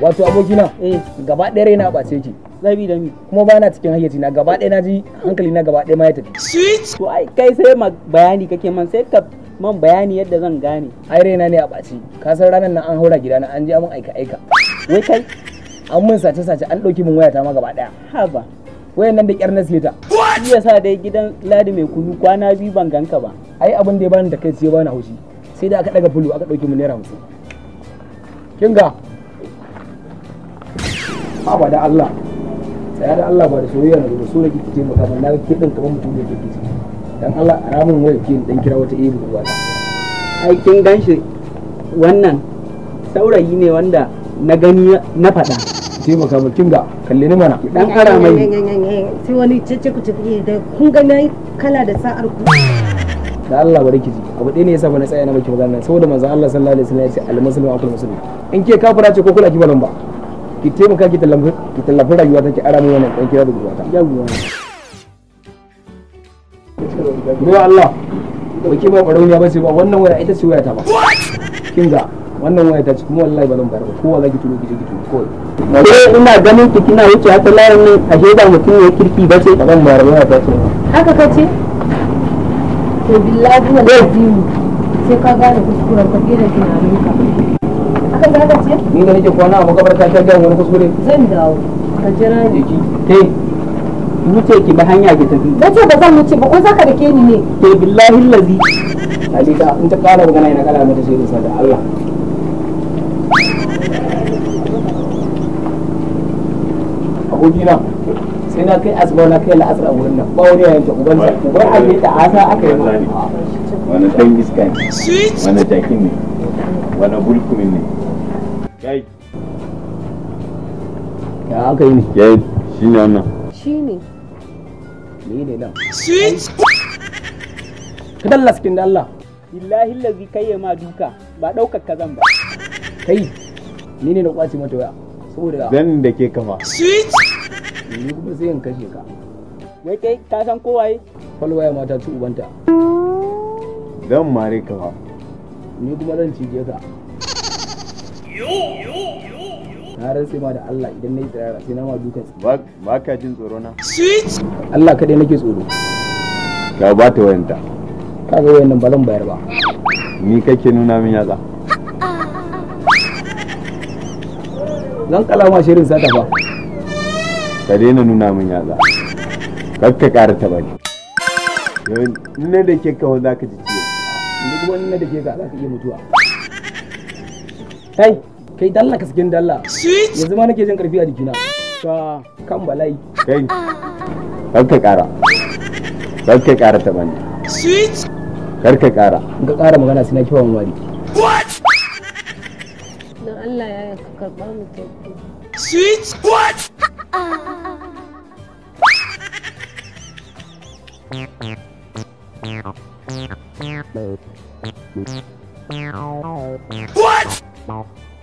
wato abokina eh. gaba ɗaya na ɓace ki zabi da mi kuma bana cikin hayyaci na gaba ɗaya naji hankali na gaba ɗaya ma ya tafi to ai kai sai ma bayani kake man sai ka man bayani yadda zan gane ai raina ne a ɓace ka san ranar nan an haura gidana an je mun aika aika wai kai an mun sace sace an ɗauki waya wayata ma gaba ɗaya haba wayan nan da kyar na silita ya sa dai gidan ladi mai kunu kwana biyu ban ganka ba ai abin da ya bani da kai sai bani haushi sai da aka daga bulu aka ɗauki mu naira hamsin kinga haba da Allah tsaya da Allah ba da soyayya na da soyayya kike ce maka na kike din kamar mutum da kike ciki dan Allah a ramin waya ke dan kira wata ibi ruwa ai kin ganshi wannan saurayi ne wanda na gani na faɗa ce maka mu kinga kalle ni mana dan ara mai sai wani cece ku tafi da kun ga nayi kala da sa'ar ku da Allah bari ki ji abu ɗaya ne yasa na tsaya na baki magana saboda manzo Allah sallallahu alaihi wasallam ya ce al-muslimu akul muslim in ke kafira ce ko kula ki balan ba ki taimaka ki tallafi ki tallafi rayuwa ta ki ara mai wannan kira da gurwata yawwa bai Allah ba ki ba barauniya ba sai ba wannan waya ita ce waya ta ba kin ga wannan waya ta ce kuma wallahi ba zan bayar ba kowa zaki tuno ki je ki tuno kawai ko eh, ina ganin ki kina wuce haka layin ne a shaida mutum ya kirki ba sai ban bayar ba ta ce haka kace to billahi wallahi eh. sai ka gane kuskuren ka kira tunanin ka haka za ka ce ni da nake kwana a makabarta ta ta ga wani kuskure zan dawo ka jira ni ke wuce ki ba hanya ki tafi ce ba zan wuce ba ko zaka ke ni ne ke billahi lazi Alika in ta kara magana ina kara mata sai da Allah abokina sai na kai asibar na kai la'asar a wurin nan ba wani yayin ta uban uban ake ta asa aka yi wani dan iska wani jakin ne wani bulkumin ne yayi ya aka yi yayi ne wannan shine ni ne nan switch ka dalla skin da Allah billahi lazi kai ma duka ba daukar ka zan ba kai ni ne na kwace mata waya saboda zan da ke kafa switch ni kuma sai in kashe ka wai kai ka san kowaye ya mata ci ubanta zan mare ka ni kuma zan cije ka na rantse ma da Allah idan na yi tsirara sai na ma dukan ba ka jin tsoro na sweet Allah kaɗai nake tsoro ka ba ta wayanta Ka ga wayannan ba zan bayar ba ni kake nuna min yatsa zan kala ma shirin sata fa ka daina nuna min yatsa kar ka ƙara taɓa ni ne da ke kawo za ka ji ciwo duk wani na da ke ka za ka iya mutuwa kai kai dalla ka sakin dalla yanzu ma nake jin karfi a jikina ka kan bala'i kai kar ka kara kar ka kara ta bani kar ka kara in ka kara magana sai na kiwa mu wari na Allah ya ya ka karba mu tafi switch what What?